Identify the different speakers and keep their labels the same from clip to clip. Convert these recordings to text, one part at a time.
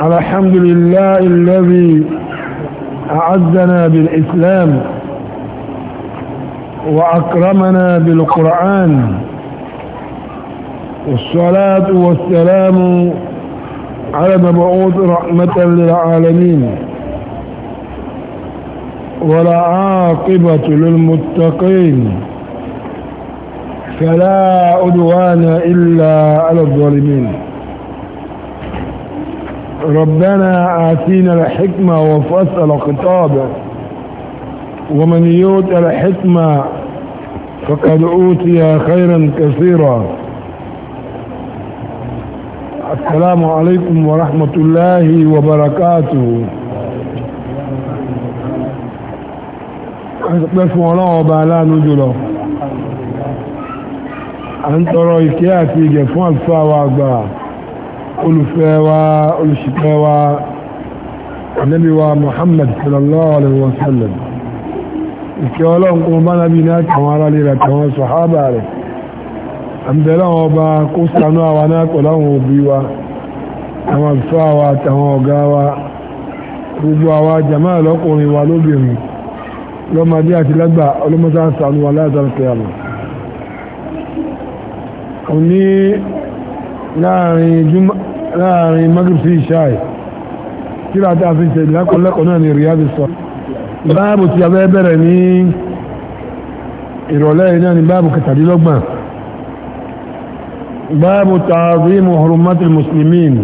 Speaker 1: الحمد لله الذي أعزنا بالإسلام وأكرمنا بالقرآن والصلاة والسلام على مبعوث رحمة للعالمين ولا عاقبة للمتقين فلا أدوان إلا على الظالمين ربنا آتينا الحكمة وفصل خطابه ومن يؤت الحكمة فقد أوتي خيرا كثيرا السلام عليكم ورحمة الله وبركاته بس الله وبعلا نجله أنت رأيك يا تيجي فوق الفاوة olùfẹ́ wa olùṣìpẹ̀ wa ànábì wa Muhammad sallallahu alaihi wa sallam ìkẹ́ ọlọ́run kó bá nábi náà tàwọn ará lera tàwọn sọ̀hábà rẹ̀ àmbẹ̀lá wọn bá kó sànú àwa náà pẹ̀lú àwọn òbí wa àwọn àfẹ́ wa tàwọn ọ̀gá wa gbogbo àwa jàmáà àti lágbà ọlọ́mọdé sànú wa láàzàrà kẹyàmù òní láàrin láàrin magrib sí ìṣáì kí ló àti àfi ṣe lẹ́kọ̀ọ́lẹ́kọ̀ọ́ náà ní riyadu sọ báàbù tí a fẹ́ bẹ̀rẹ̀ ní ìrọ̀lẹ́ náà ní báàbù kẹtàdínlọ́gbọ̀n báàbù ta'zimu hurumatil muslimin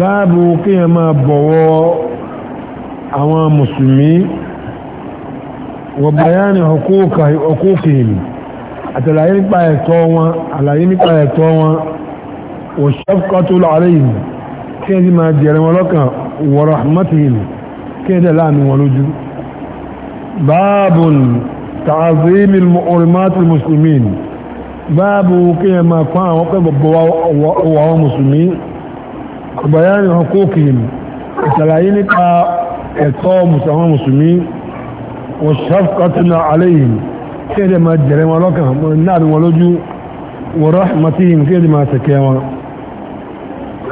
Speaker 1: báàbù kíyàn máa bọ̀wọ̀ àwọn mùsùlùmí wa bayani huquqihim àtàlàyé nípa ẹ̀tọ́ wọn àlàyé nípa ẹ̀tọ́ wọn والشفقة عليهم كيدي ما دير ولك ورحمتهم كيدي لام ولجو باب تعظيم المؤرمات المسلمين باب كيما كان وقف وهو مسلمين بيان حقوقهم تلاين كأتوم سواء مسلمين والشفقة عليهم كيدي ما دير ولك النار ولجو ورحمتهم كيدي ما تكيما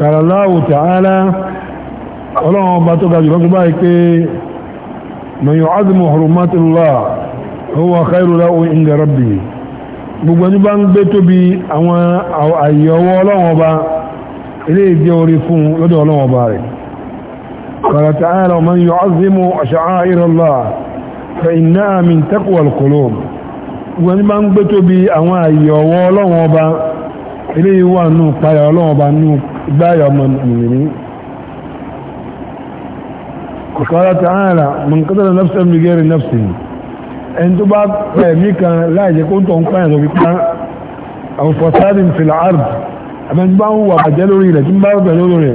Speaker 1: kàràláwò tààlá ọlọ́run ọba tó gajù lọ́tọ́ báyìí pé mẹ́yàn azimu hurmatullah huwa khairu lahu inda rabbi gbogbo ẹni bá ń gbé tóbi àwọn àyẹ̀wò ọlọ́run ọba ilé ìjẹ́ orí fún lọ́dọ̀ ọlọ́run ọba rẹ̀ kàràtààlá man yu'azzimu sha'a'irallah fa innaha min taqwa al-qulub gbogbo ẹni ilé ìwà nù payà ọlọ́run nù بايا من المؤمنين وقال تعالى من قتل نفسا بغير نفسه انت بعد ميكا لا يكون ذو بك او فساد في العرض اما انت هو بجلوري لكن بعد بجلوري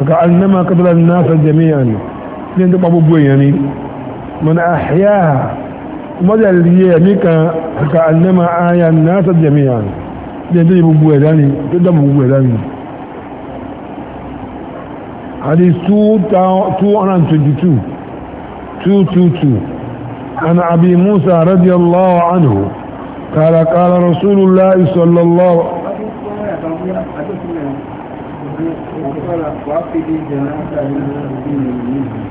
Speaker 1: فكأنما قدر الناس جميعا انت ببوي يعني من احياها ومدى اللي ميكا فكأنما آيا الناس جميعا انت ببوي يعني انت ببوي يعني حديث 222 222 عن أبي موسى رضي الله عنه قال قال رسول الله صلى الله
Speaker 2: عليه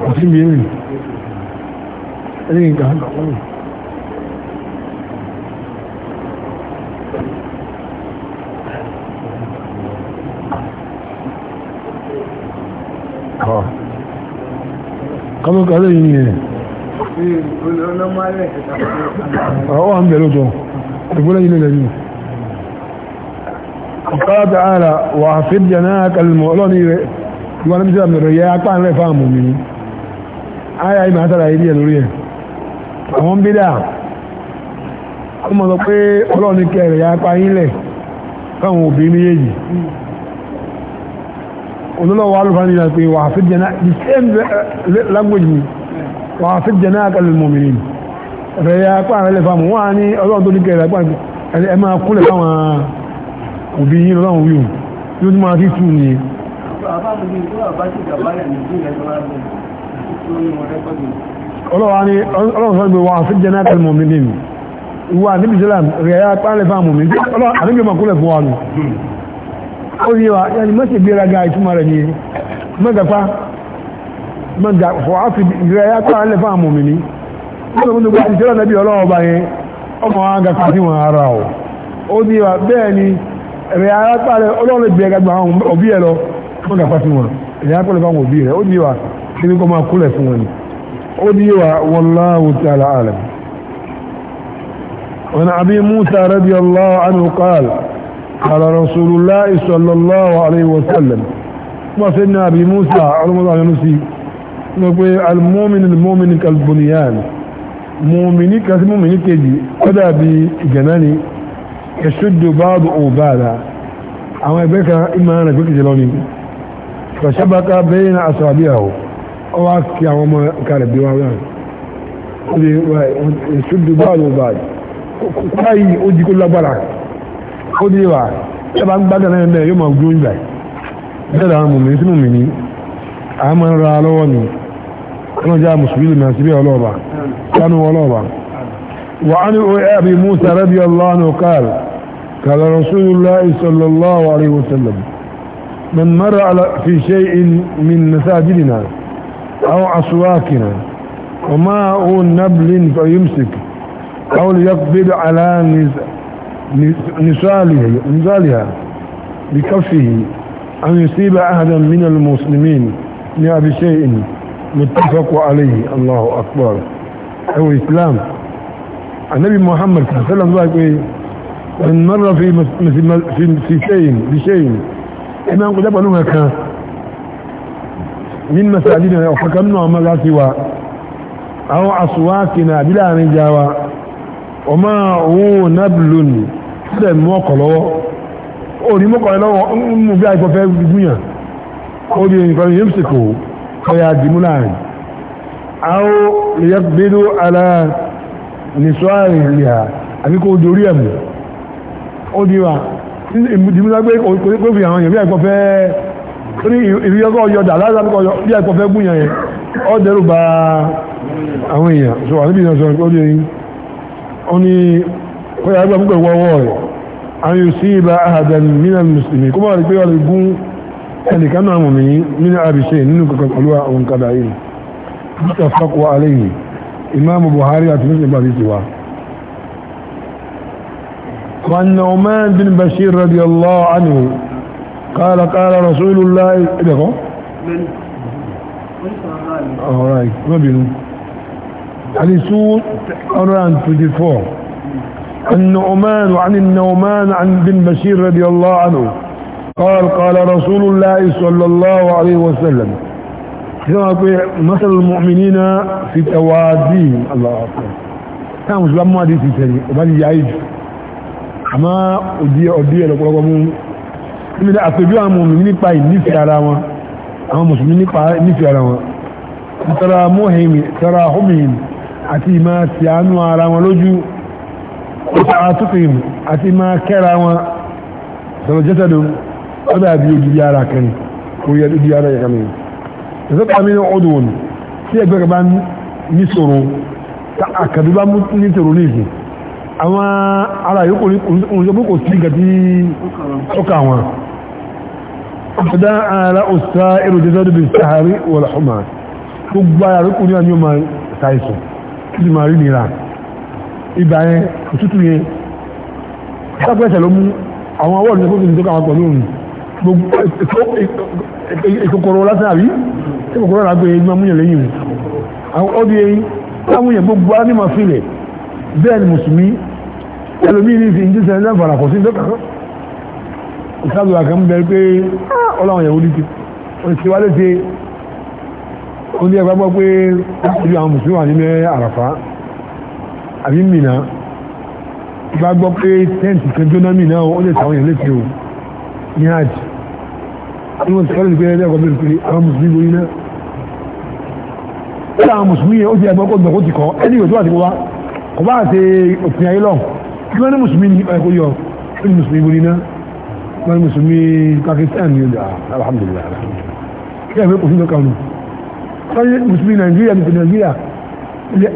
Speaker 1: وسلم kọ́mọ́ kọ́lé yìí nìyẹn. ọ̀hún wa ń bẹ̀rẹ̀ tó ìgbóná yìí lẹ́yìn yìí. ọ̀kọ́lá ta ara wà fi jẹ̀nà kalmọ̀ ọlọ́ni rẹ̀ ìwọ́n níbi sílẹ̀ mẹ̀rọ yẹ apá rẹ̀ fáwọn mọ̀mí ni. ayé ayé màá tàrà yìí lórí ẹ̀. àwọn bídà ọmọ sọ pé ọlọ́ni kẹrẹ̀ yẹ apá yín lẹ̀ fáwọn òbí méjèèjì olùlọ́wọ́ alùfáàníyà pé wà fi jẹ́nà the same uh, language ni wà fi jẹ́nà akalẹ̀ mọ̀mìnì rẹ̀ ya pààrẹ lè fàmù wọ́n á ní ọlọ́run tó ní kẹrẹ pààrẹ ẹ máa kúlẹ̀ fáwọn òbí yìí lọ́wọ́n wíwù yóò tún máa fi tù ní ọlọ́run sọ́gbẹ̀ wà fi jẹ́nà akalẹ̀ mọ̀mìnì wà níbi islam rẹ̀ ya pààrẹ lè fàmù mọ̀mìnì ọlọ́run ó ní wa yẹni ga ṣe gbéraga ìtumọ̀ rẹ̀ ní mọ́gàpá mọ́gà fọ́ ya kwa yá kọ́ alẹ́ wanda àmọ̀ mi ní ọmọ mi nígbà ìṣẹ́lá ọmọ wa ara ọ̀ ó ní wa bẹ́ẹ̀ ni ya yá kọ́ le, ọlọ́ọ̀lẹ́ gbéraga gba àwọn òbí ẹ̀ lọ wọn ẹ̀rẹ́ yá wa kí ni kọ́ fún wọn wallahu ta'ala alam. على رسول الله صلى الله عليه وسلم وسيدنا أبي موسى رمضان ينسي المؤمن المؤمن كالبنيان مؤمن كالمؤمن كجي قدى بجناني يشد بعض أوبالا أما يبقى إما أنا بك جلوني فشبك بين أصابعه أواكي أما كان بيوان يشد بعض أوبالا كاي أجي كل بركة ó dé wà ẹbá ń gbádà náà bẹ́ẹ̀ yóò máa gbó ìgbà bẹ́ẹ̀dà àwọn mùmí sínú mi ní a máa ń ra lọ́wọ́ ni wọ́n já mùsùlùmí náà síbẹ̀ ọlọ́ọ̀bà kánú ọlọ́ọ̀bà wà á ní o ẹ̀bí musa rabi allah qala qala rasulullah sallallahu alayhi wa sallam man mara fi shay'in min masajidina aw aswaqina wa ma'un nablin fa yumsik aw liyaqbid نزالها بكفه أن يصيب أحدا من المسلمين من بشيء متفق عليه الله أكبر هو إسلام النبي محمد صلى الله عليه وسلم قال إيه؟ من مر في في في شيء بشيء إما أن قد أبنوها كان من مساجدنا وحكمنا ما لا سوى أو أصواتنا بلا نجاوى ọmọ òun nábìlò nì sílẹ̀ mú ọkọ̀ lọ́wọ́ ó ní mọ́kọ̀ lọ́wọ́ mú bí àìkọ́ fẹ́ gúnyàn ó di nǹkan yìí sì kò ọ̀yà dìmú láàrin àwọn lèyẹ gbédó ara nìṣọ́ àrìn ilẹ̀ àbí kó dorí ẹ̀ mú ó di wa dìmú lágbé kó fi àwọn èèyàn bí àìkọ́ fẹ́ rí ìríyọ́kọ́ ọyọ́dà lára bí àìkọ́ fẹ́ gúnyàn yẹn ó dẹ́rù bà àwọn èèyàn sọ wà níbi ìdánsọ́ ó di oni kọ́yà ẹgbẹ́ mú pẹ̀lú ọwọ́ rẹ̀ an yusiba ahadan minal muslimin kó bá rí pé wà lè gún ẹnìkan náà mọ̀ mí nínú àbíṣẹ́ nínú kankan pẹ̀lú àwọn kadà yìí mítà fọ́kọ̀ aléyìn imam buhari àti muslim bá fi wa wọn nauman bin bashir radiyallahu anhu قال قال رسول الله إذا قال
Speaker 2: من؟ All
Speaker 1: right, ما بينهم السود 124 النعمان عن النعمان عن بن بشير رضي الله عنه قال قال رسول الله صلى الله عليه وسلم مثل المؤمنين في تواديهم الله أكبر كان مسلم ما دي تسري وبالي يعيش أما أدية أدية لقل قبوم من أفجوا المؤمنين باي نفي على ما أما مسلمين باي نفي على ما ترى مهم ترى حمهم àti ìmọ̀ sí àánú ara wọn lójú àtúkìm àti ìmọ̀ kẹ́ra wọn sọ̀rọ̀ jẹ́tẹ̀dọ̀ ó dàbí odidi ara kan kò yẹ odidi ara yẹ kan ìsọ́pàá mi ní ọdún wọn tí ẹgbẹ́ kan bá ní sọ̀rọ̀ àkàdé bá mú ní sọ̀rọ̀ ní ìsìn àwọn ara yòókù ní òṣèlú kò sí nǹkan tí ó kà wọn ọ̀dá ara òṣìṣẹ́ èrò jẹ́tẹ̀dọ̀ bí sahari wọ̀lọ́mà gbogbo ara yòókù ní àyọ̀mà sáìsùn títí máa rí nira ibà yẹn òtútù yẹn sápẹ́sẹ̀ ló mú àwọn awọ́ọ̀lù yẹn kókò tó káwọn pẹ̀lú òun gbogbo ìkòkòrò lásán àbí ìkòkòrò náà gbé ẹgbẹ́ múyàn lẹ́yìn àwọn ọdún yẹn láwọn yẹn gbogbo á ní máa fi rẹ̀ bẹ́ẹ̀ ni mùsùlùmí ẹlòmíì ní ìsìn jíṣẹ́ ẹ̀dá fara kò sí ìjọ kankan ìsáàlù àkànbẹ̀rẹ̀ pé ah, ọlọ́run yẹn wọlé ti wọ́n ti ó ní ẹgbàgbọ́ pé ilé àwọn mùsùlùmí wà nílé àràfá àbí mìnà ìgbàgbọ́ pé tẹ́ǹtì kan jóná mìnà ó lè tàwọn èèyàn létí o ní àjì ní wọ́n ti kọ́ lórí pé ẹgbẹ́ ẹgbẹ́ pé àwọn mùsùlùmí borí náà ó làwọn mùsùlùmí yẹn ó ti ẹgbẹ́ kó gbẹ̀kó ti kọ́ ẹni ìwé tó wà ti wá kò bá àti òfin ayé lọ kí wọ́n ní mùsùlùmí ní ẹ̀kọ́ yọ ó ní mùsùlùmí borí náà wọ́n ní mùsùlùmí Pakistan ní ọjà alhamdulillah alhamdulillah kí ẹ̀fẹ́ kò sí lọ́kàn nù wọ́n yé mùsùlùmí nàìjíríà ní nàìjíríà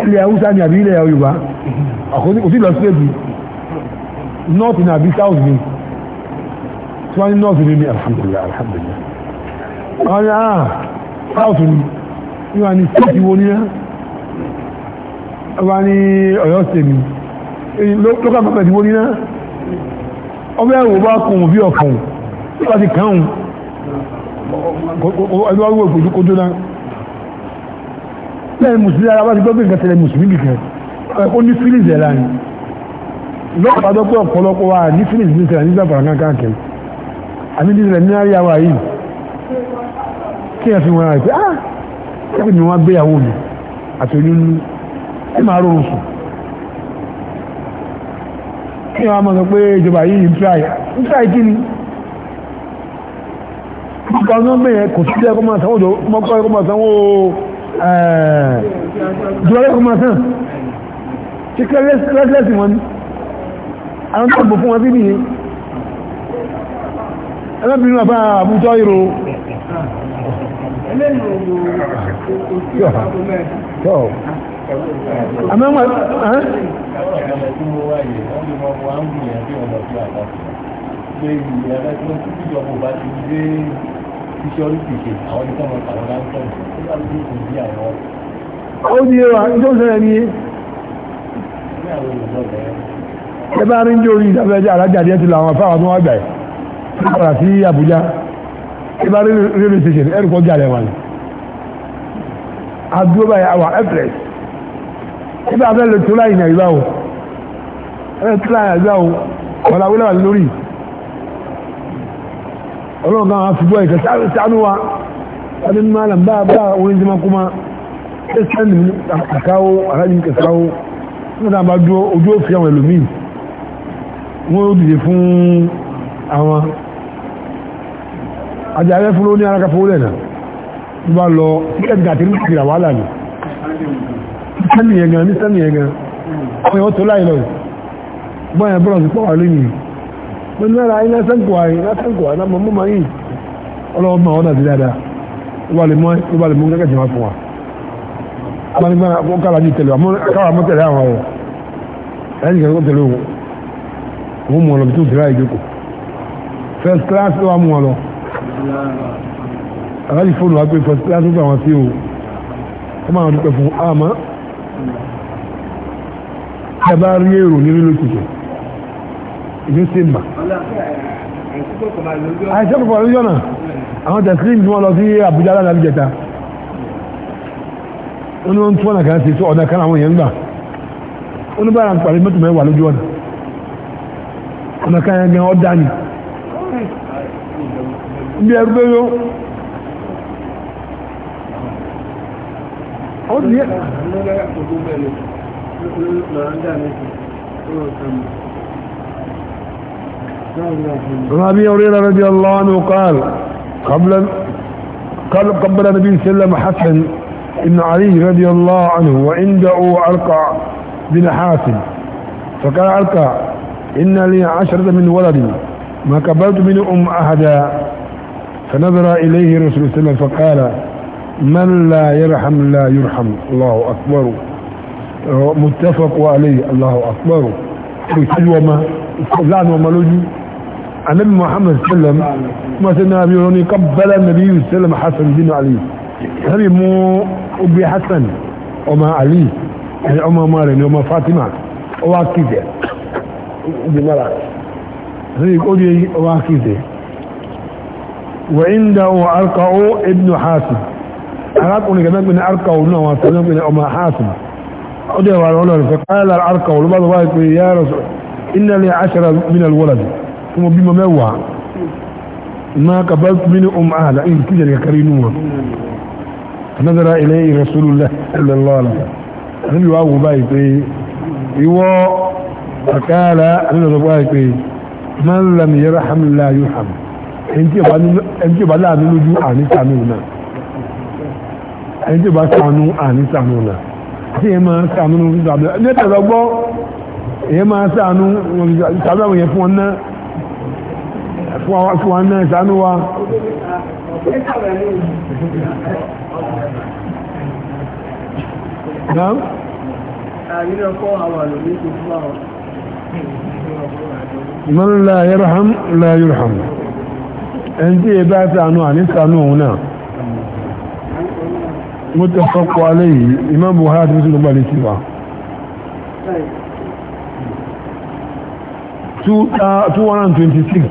Speaker 1: ilẹ̀ haúsá ni àbí ilẹ̀ yorùbá kò sí lọ sí èbì north ni àbí south ni tí wọ́n ní north ni ni alhamdulilah alhamdulilah wọ́n ní ah south ni ní wọ́n ní state wo ni ná wọ́n ní ọ̀yọ́ state ni local government wo ni ná ọbẹ̀ ẹ̀wò bá kùn bí ọ̀kàn wọ́n ti kàn án ẹgbẹ́ wọ́n wọ́n kò tó náà lẹ́yìn mùsùlùmí ara wá ti gbọ́ pé nǹkan tẹ̀lé mùsùlùmí nìkan ó ní phillips ẹ̀ láàyè lọ́pàá tó pé ọ̀pọ̀lọpọ̀ wa ní phillips ní sẹ̀rẹ̀ nígbà fara kankan kẹ̀ àmì ní sẹ̀rẹ̀ ní àríyá wa yìí kí ẹ fi wọn rà ah kẹ́kẹ́ ni wọ́n gbéyàwó mi àti oyún ní ẹ máa rọrùn sùn kí wọ́n máa sọ pé ìjọba yìí ń tíráì ń tíráì kí ni nípa ọdún bẹ́yẹn kò sí ẹ̀kọ́ máa sanwó jùlọ kọmọ sàn tí kẹ́lẹ́sì wọn àwọn tó bò fún wọn sí nìyí ẹlẹ́bìnrin àbá àbújọ ìrò
Speaker 2: àmẹ́wọ̀n ẹ́ Gbé ìrìn ẹ̀rẹ́ tó ń kú ìjọba bá sísọ́rìtì ṣe àwọn ní kọ́mọ àwọn láńtọ̀
Speaker 1: ẹ bá rí ní orí ìdábẹ́jẹ́ alájáde ti làwọn afáwà tó wá gbà ẹ̀ nígbàrà sí Àbújá ẹ bá rí railway station ẹ̀rù kọjá rẹ̀ wà ní àdúró báyìí àwọn express ẹ bá fẹ́ lè tó láyìn àìbáwò ẹ tó láyìn àìbáwò ọ̀làwílẹ̀ wà lórí ọlọ́run náà fi gbọ́ ìkẹ́ sáré sánú wa wani malam ba ba wani zama kuma ṣe sẹ́ni a kawo alájin ka kawo wọ́n náà bá dúró ojú òfin àwọn ẹlòmíì wọ́n ó dìde fún àwọn ajáyẹ fún lóní ara káfọ́ lẹ́nà tó bá lọ ẹ̀dùn àti ní ìrà wàhálà ni sẹ́ni yẹn ní sẹ́ni yẹn gan ọ̀yọ́ tó láì lọ mo ní lára ayé lásán kò àyè lásán kò àyè mọ́ mọ́ yìí ọlọ́wọ́ mọ́ ọ́nà sí dáadáa ló bá lè mú ló bá lè mú kẹ́kẹ́ jẹ́ wá fún wa abanigbana kó kára ní tẹ̀lé àmọ́ kára mọ́ tẹ̀lé àwọn ọ̀rọ̀ ẹ̀yìn kan kó tẹ̀lé òun òun mọ̀ lọ́bi tó tẹ̀lé àyè jókòó first class ló wà mú wọn lọ aláàjì fóònù wa first class ló fà wọn sí o ó máa dúpẹ́ fún àmọ́ ẹ ìlú sí mà
Speaker 2: àìsàn pọ̀pọ̀ lójú ọ̀nà
Speaker 1: àwọn tẹ̀sílìm tí wọ́n lọ sí Àbújá lánàá bí jẹta wọ́n ní wọ́n tún ọ̀nà kan sí tó ọ̀nà kan àwọn èèyàn gbà wọ́n ní bára ń mẹ́tò mẹ́wàá lójú ọ̀nà ọ̀nà kan yẹn gan ọ́ dání bí ẹrú pé yó ó di عن ابي هريره رضي الله عنه قال قبل قال قبل النبي صلى الله عليه وسلم حسن ان علي رضي الله عنه وعنده القى بن حاسم فقال القى ان لي عشره من ولدي ما قبلت ام احدا فنظر اليه رسول الله صلى الله عليه وسلم فقال من لا يرحم لا يرحم الله اكبر متفق عليه الله اكبر ìtọ́jú ọmọ láàrin ọmọ lójú النبي محمد صلى الله عليه وسلم ما سيدنا قبل النبي صلى الله عليه وسلم حسن بن علي النبي مو ابي حسن وما علي يعني أما مارن وما فاطمه وكذا بمرأة يقول وكذا وعنده أرقعوا ابن حاسم أرقعوا نجمك من أرقعوا نوع وسلم من أم حاسم أدعوا فقال الأرقعوا لبعض واحد يا رسول إن لي عشرة من الولد fún ọmọ bímọ mẹ́wàá ma kaba mini um ala in kija daga kare nuwa nazara ilayi rasulullah sallallahu alaihi wasallam nabi wa guba yi pe iwo akala nabi wa guba yi pe man lam yarham la yuham en ti ba ni en ti ba la ni lójú ani sanu na en ba sanu ani sanu ti ma sanu ni ta gbo e ma sanu sabe àwọn yẹn fún na fún àwọn fún àwọn náà ìsánú wa
Speaker 2: náà
Speaker 1: من لا يرحم لا يرحم انت يبعث عنه عن يسعنه هنا متفق عليه امام بهاد مثل قبل سوا 226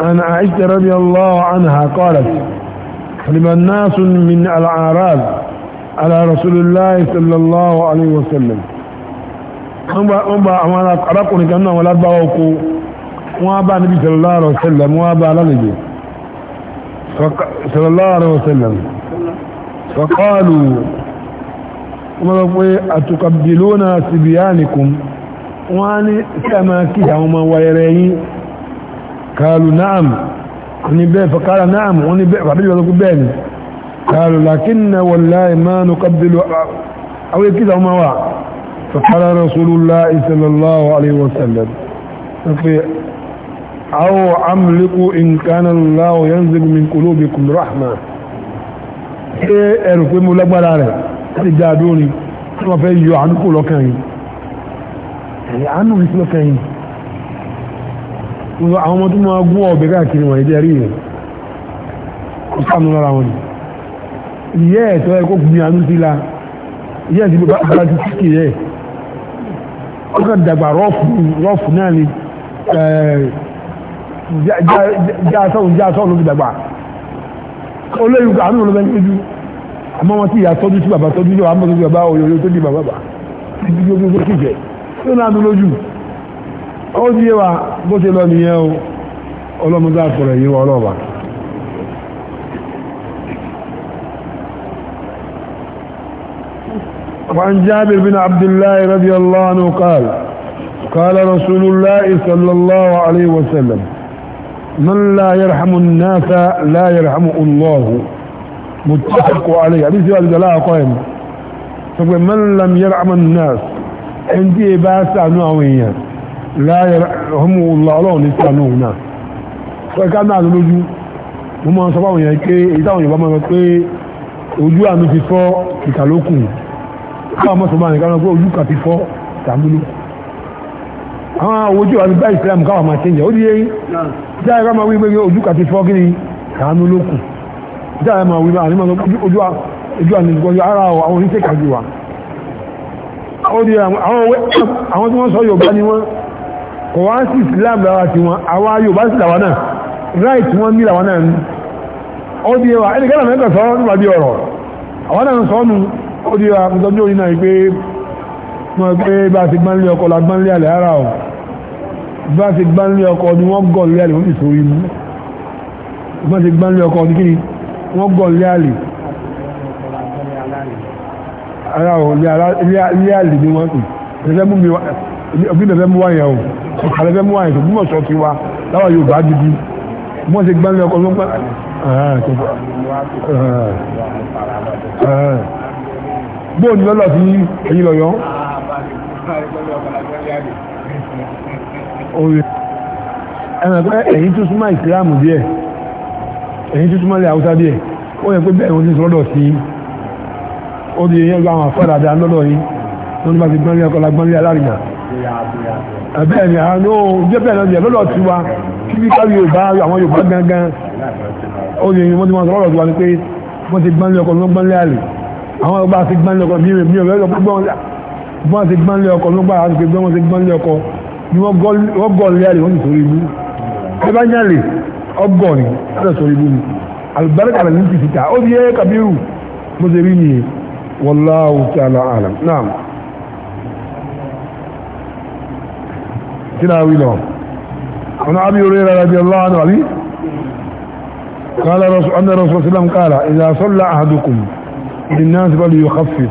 Speaker 1: عن عائشة رضي الله عنها قالت لما الناس من الأعراب على رسول الله صلى الله عليه وسلم wọ́n bá àwọn arákùnrin kan náà wọ́n lágbàá ọkọ̀ wọ́n bá níbi sallallahu alaihi wasallam wọ́n bá alálejò sallallahu alaihi wasallam faqalu wọ́n lọ pé atukabbiluna sibyanakum wọ́n á ní sí àmà kí àwọn ọmọ wáyẹrẹ yìí قالوا نعم وني بيه فقال نعم وني بيه فبيجي بيه بيه قالوا لكن والله ما نقبل او كده وما واع فقال رسول الله صلى الله عليه وسلم او املك ان كان الله ينزل من قلوبكم رحمه ẹ̀rù pé mo lágbára rẹ̀ láti dá adórin tí wọ́n fẹ́ yọ àánú kò lọ́kàn yìí àánú mi sí lọ́kàn yìí àwọn ọmọ tó máa gún ọ̀bẹ káàkiri wọ̀nyí jẹ́ rí rẹ̀ kò sáàmù lára wọn ni ìyẹ́ ẹ̀tọ́ ẹ̀kọ́ gbìyànjú sí la ìyẹ́ ẹ̀sìn bá bá ti síkì rẹ̀ ó kàn dàgbà rọ́ọ̀fù náà ni jáàsọ́hùn jáàsọ́hùn ló fi dàgbà olóyún àánú ló bẹ́ẹ̀ níjú àmọ́ wọn ti ìyá tọ́jú sí bàbá tọ́jú yóò àmọ́ tó di bàbá òyòyò tó di bàbá bàbá títí tó ó di yé wa bó ṣe lọ nìyẹn o ọlọ́mọdé àfọ̀rọ̀ yìí wọ́n won وعن جابر بن عبد الله رضي الله عنه قال قال رسول الله صلى الله عليه وسلم من لا يرحم الناس لا يرحمه الله متفق عليه حديث والد لا قائم من لم يرحم الناس عندي باسع نوعيا láyé ọmọ ọlọ́ ọlọ́run ní sànú òun náà sọ ẹ̀ka náà lójú mo máa sọ fáwọn èèyàn pé èyí táwọn Yorùbá máa sọ pé ojú àmì ti fọ́ ìkàlókùn káwọn mọ̀ sọ́mọ́ àyíká náà pé ojú kà ti fọ́ ìkàmúlò àwọn ojú àmì bá ìsìlámù káwọn máa ṣẹ́yìn ó di yé jáde ká máa wí pé ojú kà ti fọ́ kí ni kàánú lókùn jáde máa wí bá àní máa sọ ojú àmì ìgbọ́njú ara àwọn oníṣẹ́ kàjú wa ó di àwọn tí wọ́n sọ Yorùbá ni wọ́n kò wá sí islam lára ti wọn àwa yorùbá sí làwọn náà right wọn ní làwọn náà ó di ẹwà ẹni kẹ́lá mẹ́kàn sọ nípa bí ọ̀rọ̀ àwọn náà sọ nù ó di ẹwà tó ní òyìnbá pé wọn pé bá a ti gbá nílé ọkọ la gbá nílé àlè ara o bá a ti gbá nílé ni wọ́n gọ̀ nílé àlè wọ́n ti sórí mu bá a ti gbá nílé ni kí ni wọ́n gọ̀ nílé àlè ara o ilé àlè ni wọ́n pè ẹ̀fẹ́ àlẹ́fẹ́ mú àyẹ̀tò bí mọ̀ṣọ́ ti wa láwa Yorùbá gidi bí wọ́n ṣe gbá ní ọkọ̀ ló ń pa. bóò ní lọ́lọ́ sí ẹ̀yìn lọ́yọ́. ẹ̀yìn tó súnmọ́ ìsìlámù díẹ̀ ẹ̀yìn tó súnmọ́ ilẹ̀ Haúsá díẹ̀ ó yẹ pé bẹ́ẹ̀ wọ́n ti sọ́dọ̀ sí ó di ẹ̀yìn ọgbà àwọn afọ́dàdà lọ́dọ̀ yìí wọ́n ti bá ti gbọ́n ní ọkọ̀ la gbọ́n ní alárìnà àbẹ́ẹ̀ni àánú jẹ́bẹ̀ẹ́ lọ́dẹ̀ lọ́dọ̀ tí wa kí bí kárí yorùbá àwọn yorùbá gangan oye wọ́n ti máa sọ lọ́dọ̀ tí wa ni pé wọ́n ti gbánlé ọkọ̀ ló gbánlé àlè àwọn ọba ti gbánlé ọkọ̀ mi mi ọ̀rẹ́ ọkọ̀ gbọ́n wọ́n ti gbánlé ọkọ̀ ló gbà láti pé wọ́n ti gbánlé ọkọ̀ ni wọ́n gọ́ọ̀lé àlè wọ́n ti sórí ibú ẹ bá nyàlè ọgọ́ ni wọ́n ti sórí ibú ni alùbáríkà lẹ́yìn ti fi ta ó ti yẹ kabiru mo ti rí nìyẹn wallahu ta'ala alam naam. كنا ويلهم عن أبي هريرة رضي الله عنه علي قال رسول أن الرسول صلى الله عليه وسلم قال إذا صلى أحدكم للناس فليخفف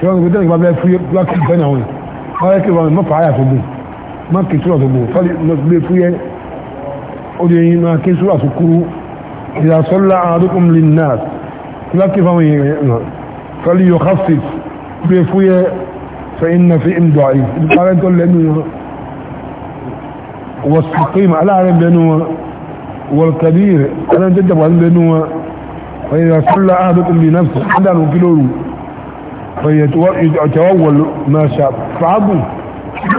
Speaker 1: شو أنا قلت لك ما بلاقي في بلاقي ثانية هون ما يكفي ما فعيا تبو ما كسرة تبو فلي نسبي فيه أودي ما كسرة سكرو إذا صلى أحدكم للناس بلاقي فمي فليخفف بفيه فإن في إم ضعيف قال أنت اللي والسقيم على عالم بينهما والكبير على جدب عالم بينهما فإذا صلى أهدكم بنفسه حدا وكيلوه فيتول ما شاء فعبوا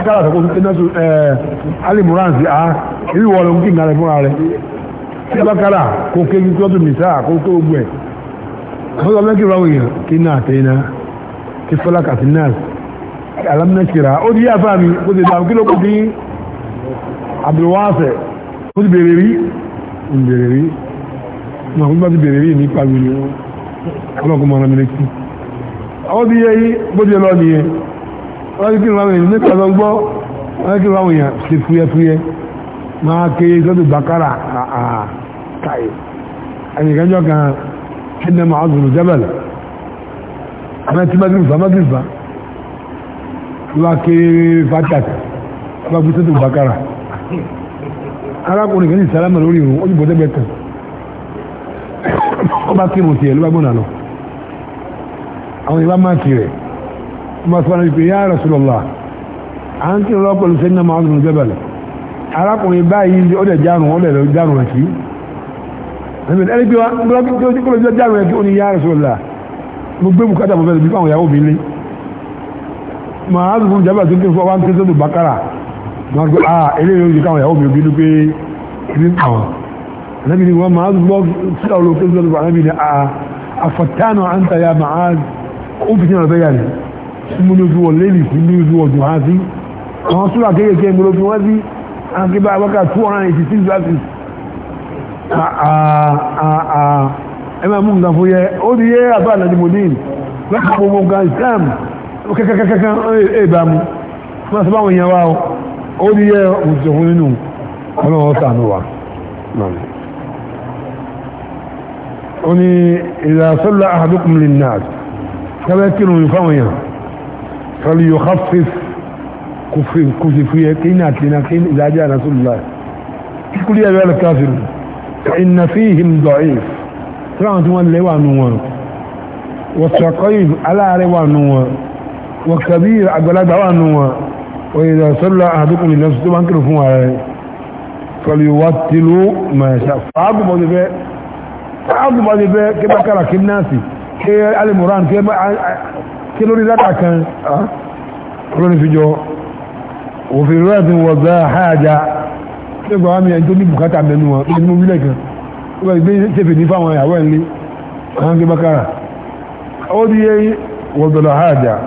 Speaker 1: kala sọ pé náà ẹ alimuran sí a ìlú wọ́n ló ń kí nǹkan fúnra rẹ̀ tí bá kala kó Abdulwase ó ti bèrè rí ń bèrè rí ní àwọn ìgbàtí bèrè rí nípa wílé ọlọ́kùnmọ̀ ọ̀nà mìíràn kí àwọn ti yẹ yí bó ti lọ nìyẹn wọ́n ti kí ìlànà èyí nípa lọ gbọ́ wọ́n ti kí ìlànà èyàn ṣe fúyẹ́fúyẹ́ máa ké sọ́tò bàkárà àkàì ẹnìkanjọ́ kan ẹnìyàn máa zùrù jẹ́bẹ̀lẹ̀ àmẹ́ tí mẹ́tìrì fà mẹ́tìrì fà wọ́n ké fàtàkì wọ́n bá kú sọ́tò bàkárà arákùnrin kan ní sálámà lórí irun ojú bọ́tẹ́gbẹ́ kan ó bá kírun tiẹ̀ ló bá gbọ́nà lọ àwọn ìbá máa kiri rẹ̀ wọ́n bá sọ́nà wípé yá Rasulullah à ń kírun lọ́pọ̀ ló sẹ́yìn náà máa ń dùn jẹ́ bẹ̀rẹ̀ arákùnrin báyìí ó dẹ̀ járùn ó dẹ̀ járùn rẹ̀ kí ẹni pé wọ́n kí ó jẹ́ járùn rẹ̀ kí ó ní yá Rasulullah mo gbé bùkátà mo fẹ́ lè bí fáwọn ìyàwó mi lé màá dùn fún jábà tó kí n wá ń kí sọ́dọ̀ bàkárà ma gbé ah eléyìí ló ti káwọn ìyàwó mi ò bínú pé ibi ń kàwọn anábì ni wọ́n máa gbọ́ sí ọ̀rọ̀ pé sọ́dọ̀ anábì ni ah afatanu anta ya ma'az ó fi sínú ọ̀bẹ́yà ni mo ní oṣù wọlé nì sí oṣù ọdún ha sí àwọn súrà kéékèèké mo ló fi wọ́n sí akébá abọ́kà two hundred and eighty six verses ah, ah ah ah ẹ máa mú nǹkan fún yẹ ó di yẹ àbá àlàdìmọ̀dín lọ́kàn gbogbo ó ní yẹ òṣèlú nínú ọlọ́run sànú wa ó ní ìdásọ́lá àdúkùn lè nà sábẹ́ kírun fáwọn èèyàn sọlí yóò hafiz kò sì fi yẹ kí ní àtìlẹ́nà kí ìdájọ́ àdásọ́lá kíkúrí ẹ̀rọ ẹ̀rọ káfíìn ìnà fíhìm dọ̀ẹ́ fúláwọn tí wọ́n lẹ́wà nù wọn wọ́n àgbàlagbà wà nù wọn وإذا صلى أحدكم لنفسه طبعا كانوا فهم عليه فليوتلوا ما يشاء فعبد بعض بيه فعبد بعض بيه كما كان كم ناسي كي آل مران كما كيلو رزاق كان قلوني في جو وفي رواية وذا حاجة كيف عامي أنتو ني بكاتا منوا بإذن مبيلك وإذن سيفي نفاهم يا وين لي كما كان أودي وذا حاجة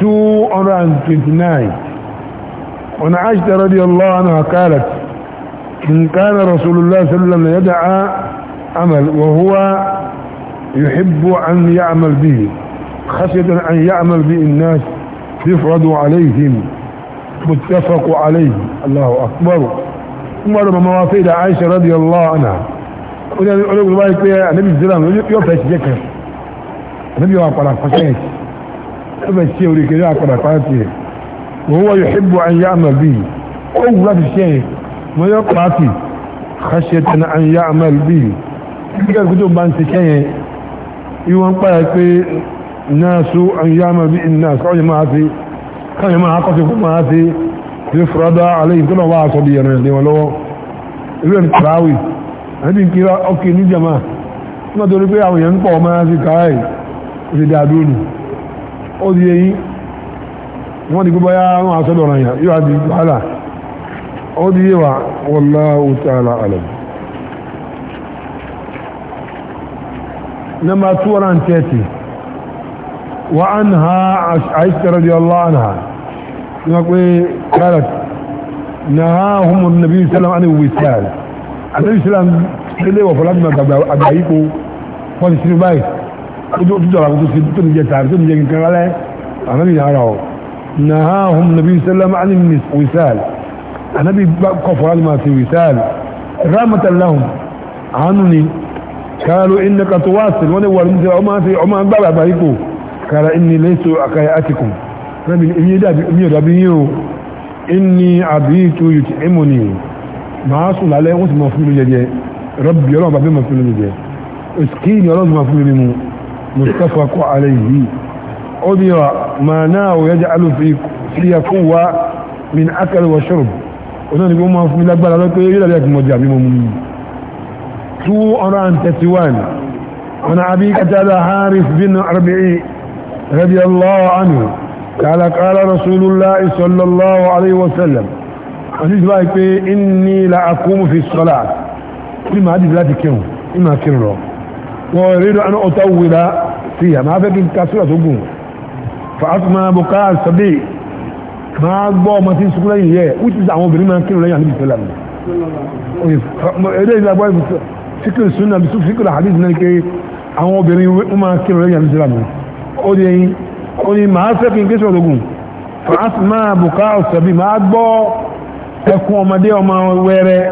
Speaker 1: 229 وعن عائشة رضي الله عنها قالت إن كان رسول الله صلى الله عليه وسلم يدعى عمل وهو يحب أن يعمل به خشية أن يعمل به الناس يفرض عليهم متفق عليه الله أكبر مرة موافيد عائشة رضي الله عنها قلنا نقول لك النبي السلام يفرش جكر النبي وقال على فشيش ẹbẹ̀ tí orí kẹjọ àkàrà pàtì rẹ̀ wọ́n wọ́n yóò ṣíbò àyà àmà bí ó wù láti ṣe yẹn wọ́n yóò pàtì ṣaṣẹ́ tẹ̀lé àyà àmà bí kíkà kó tó bá ń ṣe yẹn ìwọ̀n pàyà pé náà sọ àyà àmà bí náà sọ ọ̀yẹ̀ máa ṣe káyọ̀ máa kọ́ sí fún máa ṣe ṣe fúradà alẹ́ yìí tó náà wà á sọ di ẹ̀rọ ìlẹ̀ lọ́wọ́ ó di eyín wọ́n ti gbogbo ya wọ́n àṣọ́dọ̀ ọ̀rọ̀ yẹn yóò di wàhálà ó di yé wa wallahu ta'ala alam number two hundred and thirty wa anha aisha radiyallahu anha ni wọ́n pé kárẹ̀t nahahum an-nabi sallam an al-wisal anabi sallam ilé wọ̀ fọlá bí ma àgbà yìí ojú ojú ọ̀rọ̀ tó ti tó ní jẹ tààrí tó ní jẹ kankan rálẹ̀ ànábì ara ọ̀ na ha hùn nàbí sẹ́lẹ̀m alim ní wìsáàl ànábì kọfọ́ alim àti wìsáàl rámatàláhùn àánú ni kààlù iná ka tó wá sí wọ́n ni wà ní ọmọ àti ọmọ agbára àgbáríkò kààlà iní lẹ́sọ àkàyà àtìkùn rábì ní èmi ọ̀dàbí yìí o inni àbíyìtò yìí ti ẹmọ ni màá sùn lálẹ́ wọ́n sì mọ̀ fún mi jẹjẹ rọ́bì ọlọ́run bàbá mi mọ̀ fún mi jẹjẹ òsìkì ni ọlọ́run mọ̀ fún mi mu متفق عليه أدر ما ناو يجعل في في قوة من أكل وشرب ونحن نقول ما في الأكبر لك يجعل لك مجاب ممم 231 وانا أبي قتال حارث بن أربعي رضي الله عنه قال قال رسول الله صلى الله عليه وسلم حديث بايك إني لأقوم في الصلاة لما حديث لا تكيرون لما كيرون واريد ان اطول فيها ما فكر كاسوره تقوم فاطمى بكاء الصبي ما gbọ́ ọmọ tí ń sunkún lẹ́yìn yẹ which is àwọn obìnrin máa ń kírun lẹ́yìn àníbi ìfẹ́ lẹ́nu èdè ìgbàgbọ́ fíkìrì sunna bí fíkìrì hadith náà ké àwọn obìnrin wọ́n máa kírun lẹ́yìn àníbi ìfẹ́ lẹ́nu ó di ẹyin ó ní màá fẹ́ kí n kéṣọ́ ológun fàásùmá bùká ọ̀sẹ̀bí màá gbọ́ ẹkún ọmọdé ọmọ wẹ́rẹ́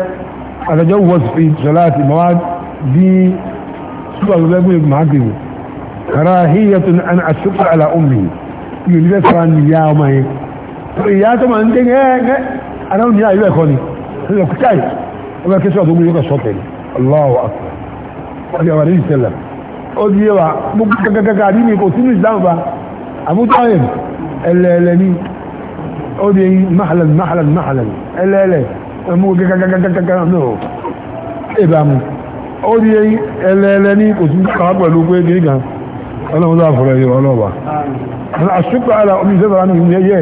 Speaker 1: àtàjọ́ wọ́ọ̀sì fi sọ́láàtì màá bí nígbà tó lẹ́gbẹ̀ẹ́ máa dèwò karahiyatun an asukur ala ummi yìí ní fẹ́ fara ní ìyá ọmọ yẹn ìyá tó máa ń dé gẹ́gẹ́ adáwọn ìyá ìlú ẹ̀kọ́ ni ó lọ kúta yìí ó bẹ kẹsàn tó gbé yóò kà sọ tẹ̀lé Allahu akbar ọdí ọba ní ìṣẹ̀lẹ̀ ó di ẹwà gbogbo gàgàgàgà ní mi kò sínú ìsìlámù ẹlẹ́ẹ̀lẹ́ ni ó di mahalan mahalan mahalan ẹlẹ́ẹ̀lẹ́ ẹmú gàgàgàgàgàgà ó di ẹlẹ́ẹ̀lẹ́ ní kò tún kàá pẹ̀lú pé kìí kan ọlọ́run tó àfọ̀rọ̀ ẹ̀yọ ọlọ́ọ̀bà àṣùkọ̀ àlà omi ìṣẹ́ bàrá nìyí yẹ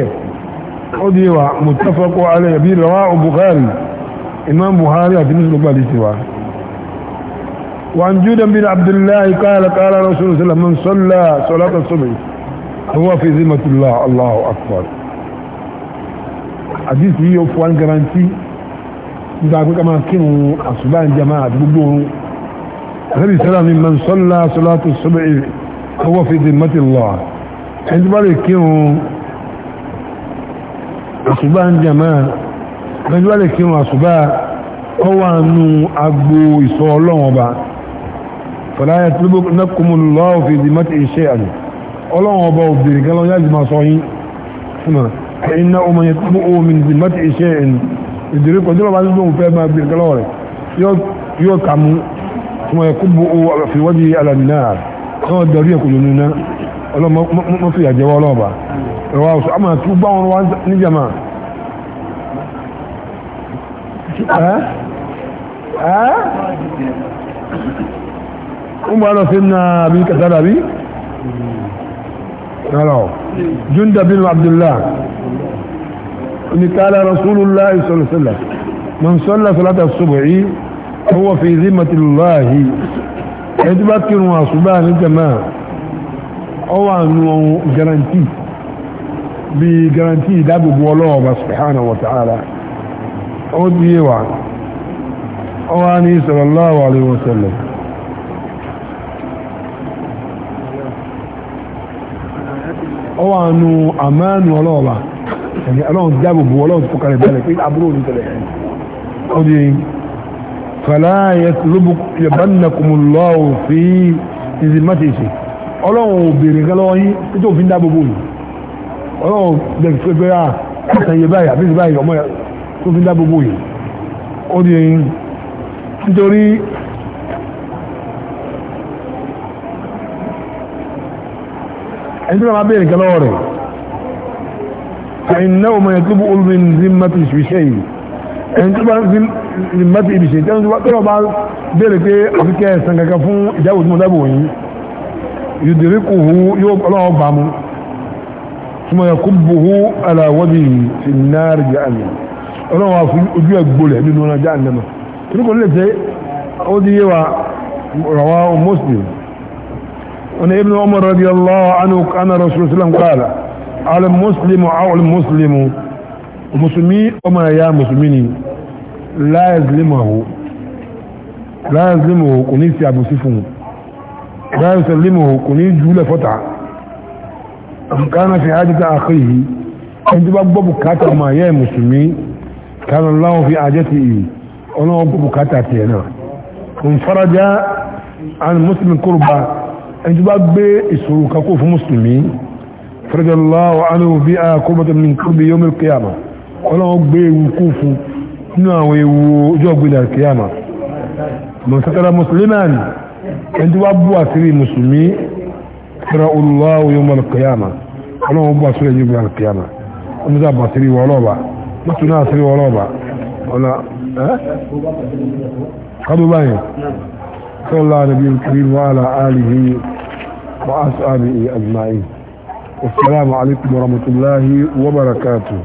Speaker 1: ó di wa muttafaqu alayhi bí rọwá o Bukhari Imam Bukhari àti Muslim gbà lè ti wa وعن جود بن عبد الله قال قال رسول الله صلى من صلى صلاة الصبح هو في ذمة الله الله أكبر حديث يوفوان جرانتي nígbà pé ká máa kírun àṣùbá ìjàmá àti gbogbo nabi sallam ni man salla salatu subhi huwa fi dhimmati allah ẹni bá lè kírun àṣùbá ń jàmá ẹni bá lè kírun àṣùbá ó wà nù agbo ìsọ ọlọ́run ọba fala yatlubunnakumullahu fi dhimmati shay'an ọlọ́run ọba obìnrin kan lọ yá jùmọ̀ sọ yín fúnà ẹ̀yìn náà ọmọ yẹn tó ó min dhimmati shay'in ìdìrí kọjú lọ́wọ́ bá ń gbóhùn fẹ́ máa gbìyànjú lọ́wọ́ rẹ̀ yóò kà mú ثم يكبه في وجهه على النار هو الدريه كلنا ولا ما فيها جوالوبا رواه اما توبا ورواه نجمع ها ها هم قالوا سيدنا ابي كتاب ابي قالوا جند بن عبد الله قال رسول الله صلى الله عليه وسلم من صلى صلاه الصبح هو في ذمة الله يتبكر وصبان الجماعة أو أنه جرانتي بجرانتي دابب ولوه سبحانه وتعالى أو ديوان أو أني صلى الله عليه وسلم أو أنه أمان ولوه يعني ألوه دابب ولوه تفكر بالك إيه أبروني تلك أو ديوان fàlá yẹ̀bánakùnmù lọ́wọ́ fi ìzìmátìsì ọlọ́run òbèrè kan lọ́wọ́ yín tó fi ń dá gbogbo yìí ọlọ́run dẹ̀kẹ́ pé à kàtà yẹ báyìí àbí báyìí ọmọ tó fi ń dá gbogbo yìí ó di ẹyin nítorí ẹni tó máa bèèrè kan lọ́wọ́ rẹ̀ àìnáwó mọ̀ yẹn tó bú olùmí ní zimátìsì ṣe yìí ẹni tó bá ń mẹ́tì ibi ṣe tẹ́lẹ̀ tọ́lọ̀ bá bèèrè pé àfikẹ́ ẹ̀sán kankan fún ìjáwò tí mo dábò yìí yìdìrí kò hu yóò ọlọ́wọ́ bá mu tí mo yẹ kó bò hu aláwọ́dì ti náàrí jẹ́ àmì ọlọ́wọ́ àfi ojú ẹ̀ gbolẹ̀ nínú ọ̀nà jẹ́ àmì mọ́ torí kò lè ṣe ó di yé wa rọwá muslim ọ̀nà ibn umar radiyallahu anhu kana rasulullah sallam qala al muslimu aw al ọmọ ya musulmi ni láyẹ̀sìlímọ̀wó láyẹ̀sìlímọ̀wó kò ní sí àbòsí fún un láyẹ̀sìlímọ̀wó kò ní jùlẹ̀ fọ́ta kánà fi àjẹta àkíyí ẹni tó bá gbọ́ bùkátà ọmọ ayẹ́ mùsùlùmí kánà láwọn fi àjẹta ìyí ọlọ́wọ́ gbọ́ bùkátà tiẹ̀ náà ń farajá àni mùsùlùmí kúrùbá ẹni tó bá gbé ìṣòro kakó fún mùsùlùmí farajá lọ́wọ́ àni òbí àkóbọ̀tà min kúrùbí yóò mẹ́rin kíyàmà ọlọ́wọ́ gbé ewu kú fún nínú àwọn ewu ojú ọ̀gbìn alkiyama mọ̀sátara mùsùlùmán ẹni tí wàá bú àṣírí mùsùlùmí fẹ́ra olùwàwò yóò mọ̀ alkiyama ọlọ́run bú àṣírí ẹ̀yìn ọ̀gbìn alkiyama wọ́n mú sábà àṣírí wọ́n ọlọ́ọ̀bà wọ́n tún náà àṣírí wọ́n ọlọ́ọ̀bà ọ̀nà ẹ́ kábọ̀ báyìí sọ́lá nàbí kiri wàhálà àlìhí wa asàbí àjùmáyì wasalaamu wa rahmatulahi wa barakatuh